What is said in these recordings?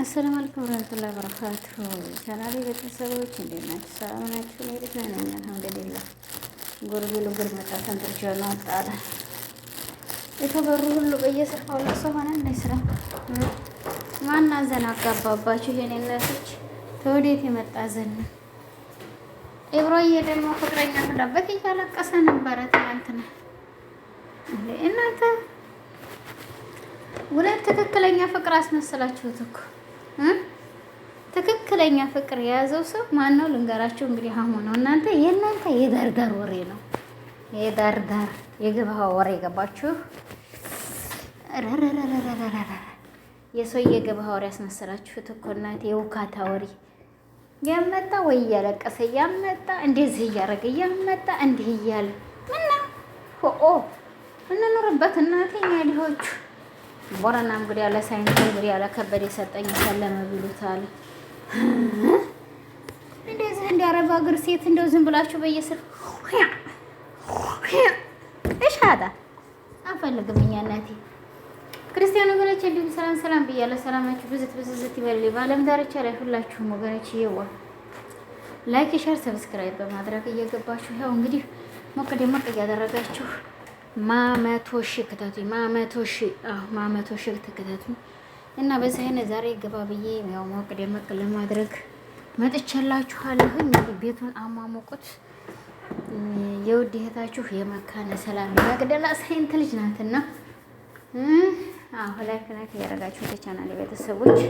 አሰላም አለይኩም ወራህመቱላሂ ወበረካቱ። ቻናሌ ቤተሰቦች እንዴት ናችሁ? ሰላም ናችሁ? እኔ ደህና ነኝ አልሐምዱሊላህ። ጉርቢሉ ጉር መጣት አንድርጆ ነው አጣለ የተበሩ ሁሉ በየስራው ለቅሶ ሆነ። እንደ ስራ ማን አዘን አጋባባችሁ? የኔ እናቶች ተወዴት የመጣ ዘን ኢብሮዬ ደግሞ ፍቅረኛ ፍላበት እያለቀሰ ነበረ ትናንትና። እናንተ ሁለት ትክክለኛ ፍቅር አስመስላችሁት እኮ ትክክለኛ ፍቅር የያዘው ሰው ማን ነው ልንገራችሁ። እንግዲህ አሁን ነው እናንተ የእናንተ የዳርዳር ወሬ ነው የዳርዳር የግባ ወሬ ገባችሁ። የሰው የግባ ወሬ ያስመሰላችሁ እኮ እናንተ። የውካታ ወሬ ያመጣ ወይ እያለቀሰ ያመጣ እንደዚህ እያደረገ እያመጣ እንዲህ እያለ ምነው ሆ እንኑርበት እናቴ ሊሆቹ ቦረና እንግዲህ ያለ ሳይንስ እንግዲህ ያለ ከበደ የሰጠኝ ሰለመ ብሉታል። እንደዚህ እንደ አረብ ሀገር ሴት እንደው ዝም ብላችሁ በየስር እሻታ አንፈልግም እኛ እናቴ ክርስቲያን ወገኖች እንዲሁም ሰላም ሰላም ብያለሁ። ሰላማችሁ ብዝት ብዝዝት ይበል። በዓለም ዳርቻ ላይ ሁላችሁም ወገኖች ይዋ ላይክ፣ ሸር፣ ሰብስክራይብ በማድረግ እየገባችሁ ያው እንግዲህ ሞቅ ደሞቅ እያደረጋችሁ ማመቶ ሺ ክተቱኝ ማመቶ ሺ ማመቶ ሺ ተከታቱኝ እና በዚህ አይነት ዛሬ ገባ ብዬ ያው ሞቅ ደመቅ ለማድረግ መጥቼላችኋለሁኝ። ቤቱን አሟሞቁት የውድ እህታችሁ የመካነ ሰላም መቅደላ ሳይንት ልጅ ናትና አሁን ላይክ ላይክ እያደረጋችሁ ተቻናል ቤተሰቦች፣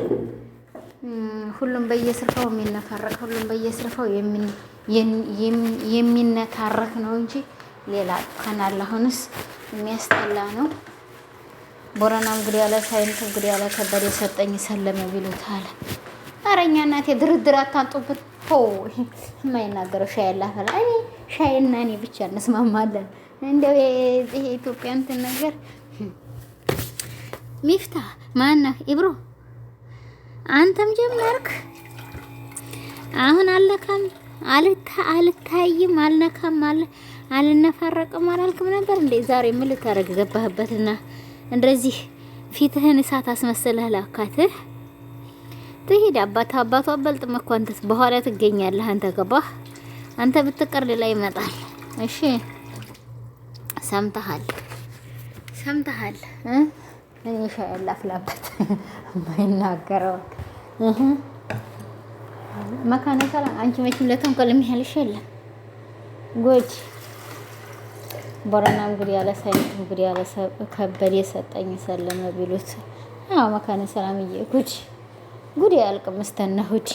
ሁሉም በየስርፋው የሚነፋረቅ ሁሉም በየስርፋው የሚነታረክ ነው እንጂ ሌላ ቀናል። አሁንስ የሚያስጠላ ነው። ቦረና እንግዲህ ያለ ሳይንት እንግዲህ ያለ ከበደ የሰጠኝ ሰለመ ቢሉታል። አለ። ኧረ እኛ እናቴ ድርድር አታንጡብን። ሆ የማይናገረው ሻይ ያላፈላ እኔ ሻይ ሻይና እኔ ብቻ እንስማማለን። እንደው ይሄ የኢትዮጵያ እንትን ነገር ሚፍታ ማነህ ኢብሮ አንተም ጀመርክ። አሁን አልነካም አልታይም አልነካም አለ አልነፋረቅም አላልክም ነበር እንዴ? ዛሬ ምን ልታረግ ገባህበትና እንደዚህ ፊትህን እሳት አስመስለህ ላካትህ ትሄድ አባት አባቱ አበልጥም እኮ አንተስ በኋላ ትገኛለህ። አንተ ገባህ? አንተ ብትቀር ሌላ ይመጣል። እሺ ሰምተሃል፣ ሰምተሃል። እኔ ሻይ ላፍላበት ማይናገረው መካነ ሰላም አንቺ መቼም ለተንኮል የሚያልሽ የለም ጎጅ ቦረናም ጉድ ያለ ሳይንት ጉድ ያለ ከበድ የሰጠኝ ሰለመ ቢሉት አዎ መካነ ሰላምዬ ጉድ ጉድ ያልቅም እስተነ ሁድ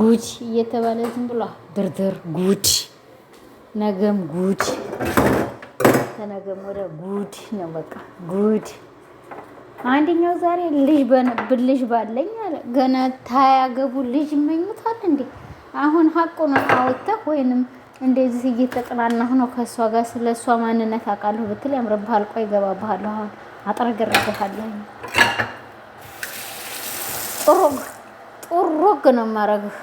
ጉድ እየተባለ ዝም ብሎ ድርድር ጉድ ነገም ጉድ ተነገም ወደ ጉድ ነው። በቃ ጉድ አንደኛው ዛሬ ልጅ ብልጅ ባለኝ አለ። ገና ታያገቡ ልጅ ይመኙታል እንዴ? አሁን ሀቁን አወጥተህ ወይንም እንደዚህ እየተጠናናሁ ነው ከእሷ ጋር ስለ እሷ ማንነት አውቃለሁ ብትል ያምርብሃል። ቆይ እገባብሃለሁ። አሁን አጠረግርግሃለሁ። ጥሩግ ጥሩግ ነው የማረግህ።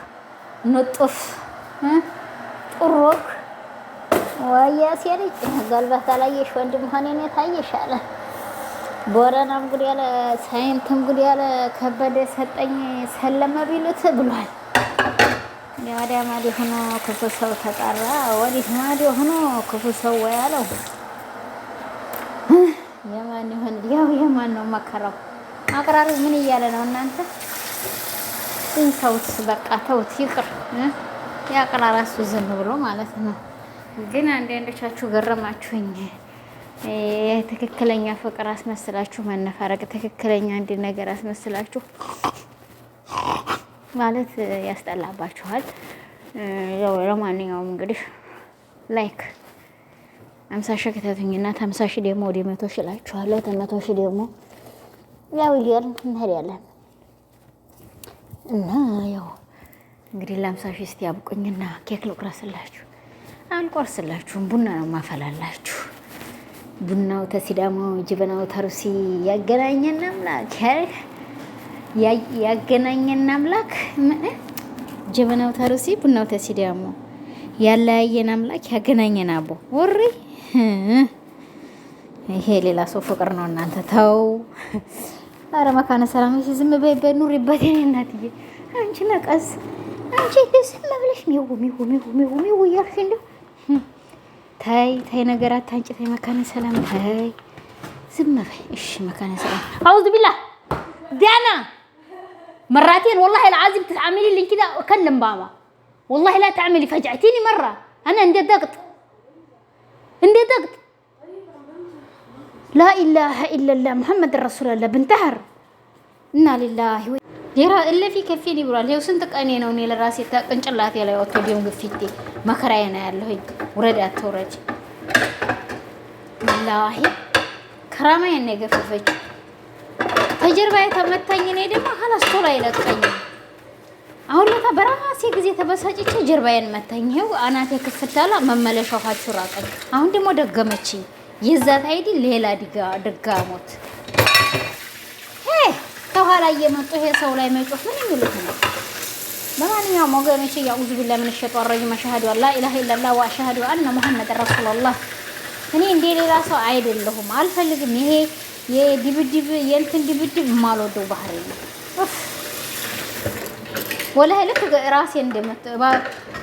ንጡፍ ጥሩግ ወያ ሴልጅ ገልበህ ታላየሽ ወንድ መሆኔን የታየሽ አለ። ቦረናም ጉድ ያለ ሳይንትም ጉድ ያለ ከበደ ሰጠኝ ሰለመ ቢሉት ብሏል። ወደ ማዲ ሆኖ ክፉ ሰው ተጠራ፣ ወዲህ ማዲ ሆኖ ክፉ ሰው ያለው የማን ይሆን? ያው የማን ነው መከራው? አቅራሪ ምን እያለ ነው እናንተ? ግን ሰውት በቃ ተውት ይቅር። ያቅራ ራሱ ዝም ብሎ ማለት ነው። ግን አንዳንዶቻችሁ ገረማችሁኝ። ትክክለኛ ፍቅር አስመስላችሁ መነፈረቅ ትክክለኛ አንድ ነገር አስመስላችሁ ማለት ያስጠላባችኋል። ያው ለማንኛውም እንግዲህ ላይክ አምሳ ሺህ ከተቱኝና አምሳ ሺህ ደግሞ ወደ መቶ ሺህ እላችኋለሁ። ተመቶ ሺህ ደግሞ ያው እያልን እንሄዳለን እና ያው እንግዲህ ለአምሳ ሺህ እስቲ ያብቁኝና ኬክ ልቁረስላችሁ። አልቆርስላችሁም፣ ቡና ነው ማፈላላችሁ። ቡናው ተሲዳሞ ጅበናው ተሩሲ ያገናኘና ምናምን ያገናኘን አምላክ ጀበናው ታርሲ ቡናው ተሲ ደግሞ ያለያየን አምላክ ያገናኘን አቦ ወሬ ይሄ ሌላ ሰው ፍቅር ነው። እናንተ ተው። አረ መካነ ሰላም ዝም በይበት ኑሪበት። የእኔ እናትዬ አንቺ ነቀስ አንቺ ዝም ብለሽ ሚው ሚሁ ሚሁ ሚሁ ሚሁ እያልሽ እንደ ታይ ታይ ነገር አታንጭ ታይ። መካነ ሰላም ታይ ዝም በይ እሺ። መካነ ሰላም አውዝ ቢላ ዲያና مرتين والله العظيم تعملي لي كذا اكلم بابا والله لا تعملي فجعتيني مره انا عندي ضغط عندي ضغط لا اله الا الله محمد رسول الله بنتهر እና ሊላሂ ወይ ዴራ እለፊ ከፊል ይብሏል። ይኸው ስንት ቀኔ ነው እኔ ለራሴ ቅንጭላቴ ላይ ወጥቶ ዲሁን ግፊቴ መከራዬ ነው ያለሁኝ። ውረድ አትውረድ፣ ላሂ ከራማዬን ነው የገፈፈችው። ከጀርባዬ ተመታኝ። እኔ ደግሞ ሀላስ ቶሎ አይለቀኝም። አሁን ለታ በራሴ ጊዜ ተበሳጭቼ ጀርባዬን መታኝ። ይኸው አናቴ ክፍታላ መመለሻ ውሃችሁ ራቀኝ። አሁን ደግሞ ደገመችኝ። የዛት አይዲ ሌላ ድጋሞት ከኋላ እየመጡ ይሄ ሰው ላይ መጮህ ምን የሚሉት ነው? በማንኛውም ወገኖች ያዑዙ ቢላ ምን ሸጡ አረጅም አሻሃዱ አላ ኢላሀ ኢላላ ወአሻሃዱ አነ ሙሐመድ ረሱሉላህ እኔ እንደ ሌላ ሰው አይደለሁም፣ አልፈልግም ይሄ የድብድብ የእንትን ድብድብ የማልወደው ባህሪ ነው። ወላሂ ልክ ራሴ እንደመት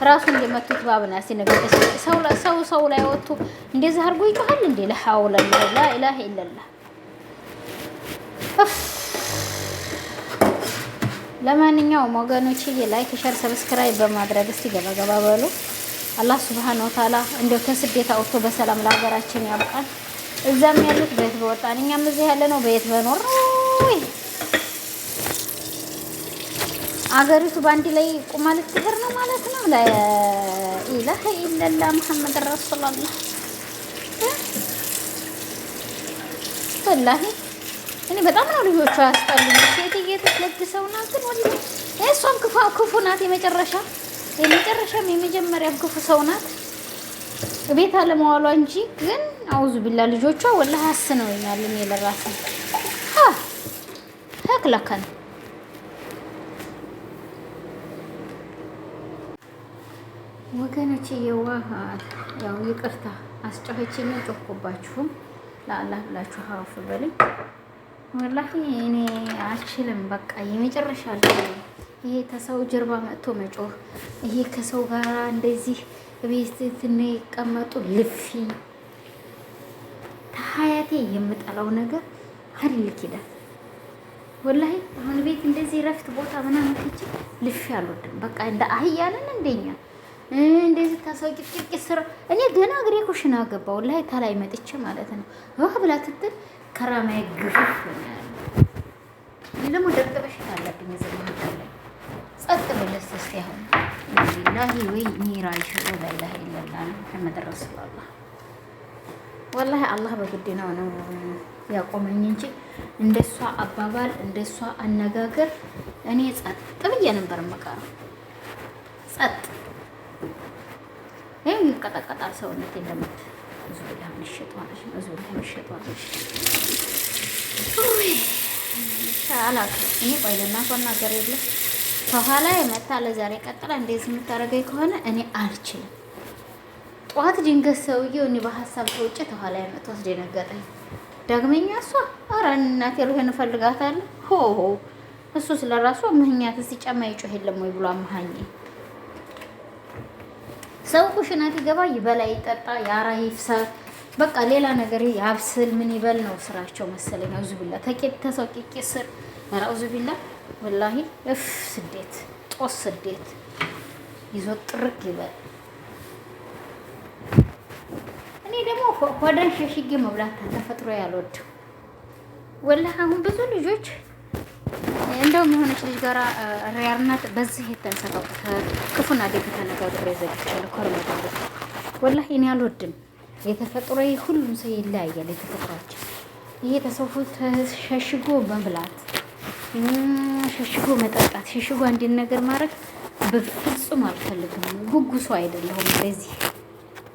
ራሱ እንደመቱት ባብናሲ ነገር ሰው ሰው ሰው ላይ ወጥቶ እንደዛ አድርጎ ይጮሃል እንዴ! ለሐውለ ላ ኢላሀ ኢለላህ። ለማንኛውም ወገኖችዬ ላይክ፣ ሸር፣ ሰብስክራይብ በማድረግ እስቲ ገባ ገባ በሉ። አላህ ሱብሃነሁ ወተዓላ እንደው ከስደት አውጥቶ በሰላም ለሀገራችን ያብቃል። እዛም ያሉት በየት በወጣን እኛም እዚህ ያለ ነው በየት በኖር አገሪቱ በአንድ ላይ ቁማ ልትሄድ ነው ማለት ነው። ላኢላሀ ኢለላ ሙሐመድ ረሱላላ ወላሂ እኔ በጣም ነው ልጆቹ ያስጠሉኝ። ሴትየቱ ለግሰው ናት፣ ግን ወ እሷም ክፉ ናት። የመጨረሻ የመጨረሻም የመጀመሪያም ክፉ ሰው ናት። ቤት አለመዋሏ እንጂ ግን አውዙ ቢላ ልጆቿ ወላ ሀስ ነው ይኛል እኔ የለራስ ተክለከን ወገኖች የዋ ያው ይቅርታ አስጨኸችኝ። ጮኮባችሁም ለአላህ ብላችሁ ሀፍ በልኝ። ወላሂ እኔ አልችልም። በቃ የመጨረሻ ይሄ ከሰው ጀርባ መጥቶ መጮህ፣ ይሄ ከሰው ጋር እንደዚህ ቤስትና ይቀመጡ ልፊ ታሀያቴ የምጠላው ነገር ሀሊል ኪዳን ወላሂ አሁን ቤት እንደዚህ ረፍት ቦታ ምናምን ትችል ልፊ አልወድም። በቃ እንደ አህያ እንደኛ እንደዚህ ታሳቂ ጥቂት ስራ እኔ ገና እግሬ ኩሽና ገባ ወላሂ ታላይ መጥቼ ማለት ነው ውሃ ብላ ትትል ከራማዬ ግፍፍ ሆኛል። ደግሞ ደብደበሽት አለብኝ ዘመሀካል ላይ ጸጥ በለስ እስኪ አሁን ወላሂ ወይ ሚራጅ ወላላ ለላ መሐመድ ረሱሉላ ወላሂ አላህ በግድ ነው ነው ያቆመኝ እንጂ እንደሷ አባባል እንደሷ አነጋገር እኔ ጸጥ ብዬ ነበር የምቀረው። ጸጥ ይህ ይቀጠቀጣል ሰውነት የለምት ብዙ ብላ ምሽጥ ማለት ነው። እኔ ቆይ የለም ከኋላ የመታ ለዛሬ ቀጥላ እንደዚህ የምታደርገኝ ከሆነ እኔ አልችልም። ጠዋት ድንገት ሰውዬው እኔ በሀሳብ ተውጭ ከኋላ የመጣ አስደነገጠኝ። ዳግመኛ እሷ ኧረ እናቴ ልሆን እፈልጋታለሁ። ሆሆ እሱ ስለ ራሱ ምህኛት ሲጫማ ይጮህ የለም ወይ ብሎ አመሀኝ ሰው ኩሽናት ይገባ ይበላ፣ ይጠጣ፣ ያራ፣ ይፍሳ በቃ ሌላ ነገር ያብስል ምን ይበል ነው ስራቸው መሰለኝ። አውዙ ቢላ ተቄት ተሰው ስር አውዙ ቢላ ወላሂ እፍ ስደት ጦስ ስደት ይዞ ጥርቅ ይበል። እኔ ደግሞ ሆደን ሸሽጌ መብላት ተፈጥሮ ያልወድም ወላሂ። አሁን ብዙ ልጆች እንደውም የሆነች ልጅ ጋራ ሪያርናት በዚህ የተንሰራው ክፉና ደግ ተነጋግሬ ዘግቻለሁ። ከርመዳ ወላሂ እኔ አልወድም። የተፈጥሮ ሁሉም ሰው ይለያያል። የተፈጥሯቸው ይሄ ተሰፉ ተሸሽጎ መብላት ሸሽጎ መጠጣት፣ ሸሽጎ አንድን ነገር ማድረግ በፍጹም አልፈልግም። ጉጉሱ አይደለሁም። በዚህ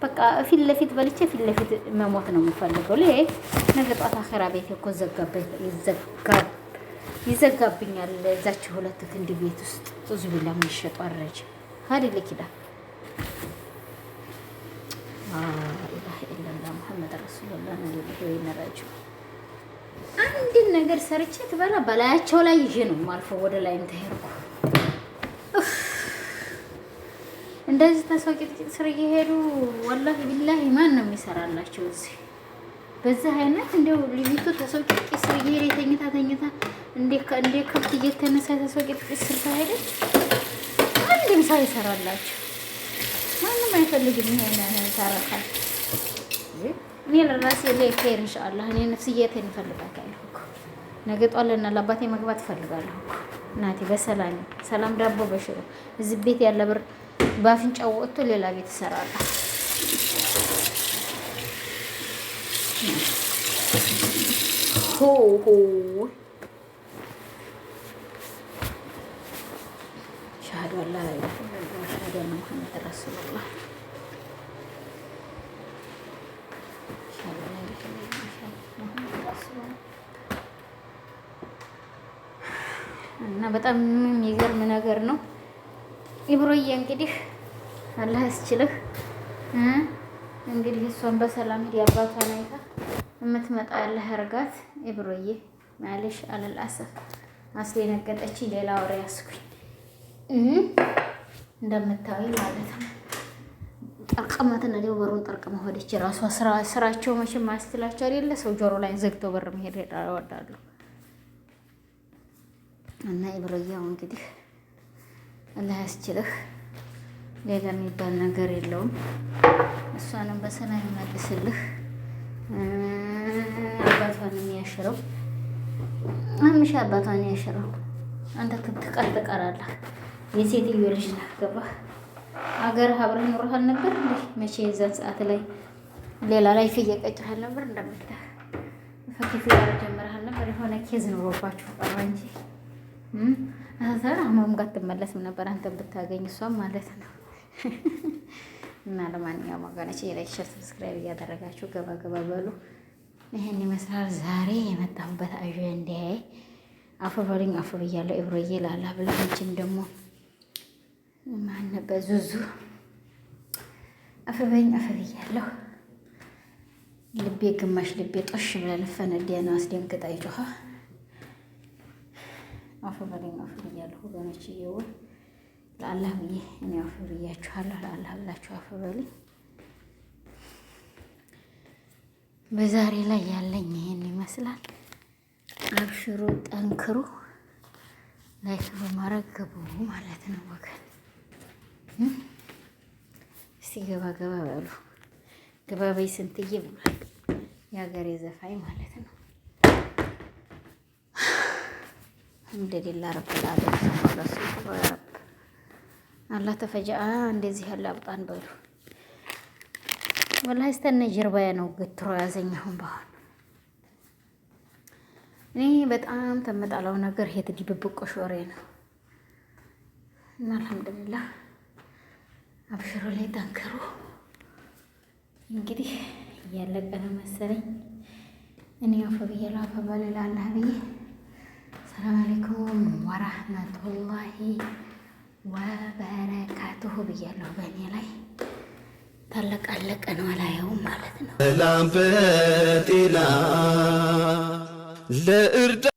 በቃ ፊት ለፊት በልቼ ፊት ለፊት መሞት ነው የምፈልገው። ይሄ ነገ ጧት አኸራ ቤት እኮ ይዘጋብኛል። እዛች ሁለት ክንድ ቤት ውስጥ እዙ ቢላ ምንሸጡ አረጅ ሀዲል ኪዳ ኢላህ ኢላላ ሙሐመድ ረሱሉላህ ነቢይ ወይነራጅ አንድን ነገር ሰርቼ ትበላ በላያቸው ላይ ይሄ ነው ማልፎ ወደ ላይ እንተሄርኩ እንደዚህ ተሰው ቂጥቂጥ ስር እየሄዱ ወላሂ ቢላሂ ማን ነው የሚሰራላቸው እዚህ በዚህ አይነት እንደው ልጅቱ ተሰው ቂጥቂጥ ስር እየሄደ የተኝታ ተኝታ እንደ ከብት እየተነሳ ተሰው ቂጥቂጥ ስር ተሄደች። አንድም ሰው ይሰራላቸው ማንም አይፈልግም። ይሄን ተረፋል እኔ ለራሴ ላይ ከሄድ እንሻአላ እኔ ነፍስዬቴን እፈልጋታለሁ እኮ ነገ ጧት ለአባቴ መግባት እፈልጋለሁ እናቴ በሰላም ሰላም ዳቦ በሽሮ እዚህ ቤት ያለ ብር በአፍንጫው ወጥቶ ሌላ ቤት እሰራለሁ። ሆ ሆ ሻሃዱ አላ ሻሃዱ አላ ሙሐመድ ረሱሉላህ እና በጣም የሚገርም ነገር ነው። ኢብሮዬ እንግዲህ አላህ ያስችልህ። እንግዲህ እሷን በሰላም ሂድ አባቷን አይታ የምትመጣ አላህ ያርጋት። ኢብሮዬ ማለሽ አለልአሰፍ አስደነገጠች። ሌላ ወሬ ያስኩኝ እንደምታዊ ማለት ነው። ጠርቅመት እና ደግሞ በሩን ጠርቅመ ሆደች። ራሷ ስራቸው መቼም አያስችላቸው አይደለ ሰው ጆሮ ላይ ዘግተው በር መሄድ ይወዳሉ። እና ኢብራያው እንግዲህ አላህ ያስችልህ። ሌላ የሚባል ነገር የለውም። እሷንም በሰላም ይመልስልህ፣ አባቷንም ያሽረው። አምሻ አባቷን ያሽረው። አንተ ትቀር ትቀራለህ። የሴትዮ ልጅ ነህ። ገባህ? አገርህ አብረህ ኑረሃል ነበር እንዴ? መቼ የዛን ሰዓት ላይ ሌላ ላይ እየቀጭሃል ነበር እንደምትለህ ፈኪፊ ጀምረሃል ነበር። የሆነ ኬዝ ኑሮባችሁ ቀረ እንጂ አሰር አማም ጋር ትመለስም ነበር አንተ ብታገኝ እሷም ማለት ነው። እና ለማንኛውም ወገኖች የላይክ ሸር ሰብስክራይብ እያደረጋችሁ ገባ ገባ በሉ። ይህን ይመስላል ዛሬ የመጣሁበት አጀንዳ። አጀንዳዬ። አፈበሉኝ አፈ ብያለሁ ኢብሮዬ ላላ ብላችም ደግሞ ማን ነበር ዙዙ አፈበኝ አፈ ብያለሁ። ልቤ ግማሽ ልቤ ጦሽ ብላ ልፈነዲያ ነው አስደንግጣ ይጮኋ አፉ በለኝ አፉ ብያለሁ ወገኖች፣ ለአላህ ብዬ እኔ አፉ ብያችኋለሁ። ለአላህ ብላችሁ አፉ በዛሬ ላይ ያለኝ ይሄን ይመስላል። አብሽሩ፣ ጠንክሩ፣ ላይክ በማድረግ ገቡ ማለት ነው ወገን። እስቲ ገባ ገባ በሉ። ገባ በይ ስንትዬ ብሏል የሀገሬ ዘፋኝ ማለት ነው። እንደሌላ ረብል ዓለሚን ረሱል አላህ ተፈጃ እንደዚህ ያለ አብጣን በሉ። ወላሂ ስተነ ጀርባዬ ነው ግትሮ ያዘኛሁን አሁን እኔ በጣም ተመጣላው ነገር ሄት ድብብቆሽ ወሬ ነው እና አልሐምዱሊላህ አብሽሮ ላይ ጠንክሩ። እንግዲህ እያለቀ ነው መሰለኝ እኔ አፈ ብዬ ላፈ ብዬ ወረህመቱላሂ ወበረካቱሁ ብያለሁ። በእኔ ላይ ተለቃለቀ ነው አላየውም ማለት ነው።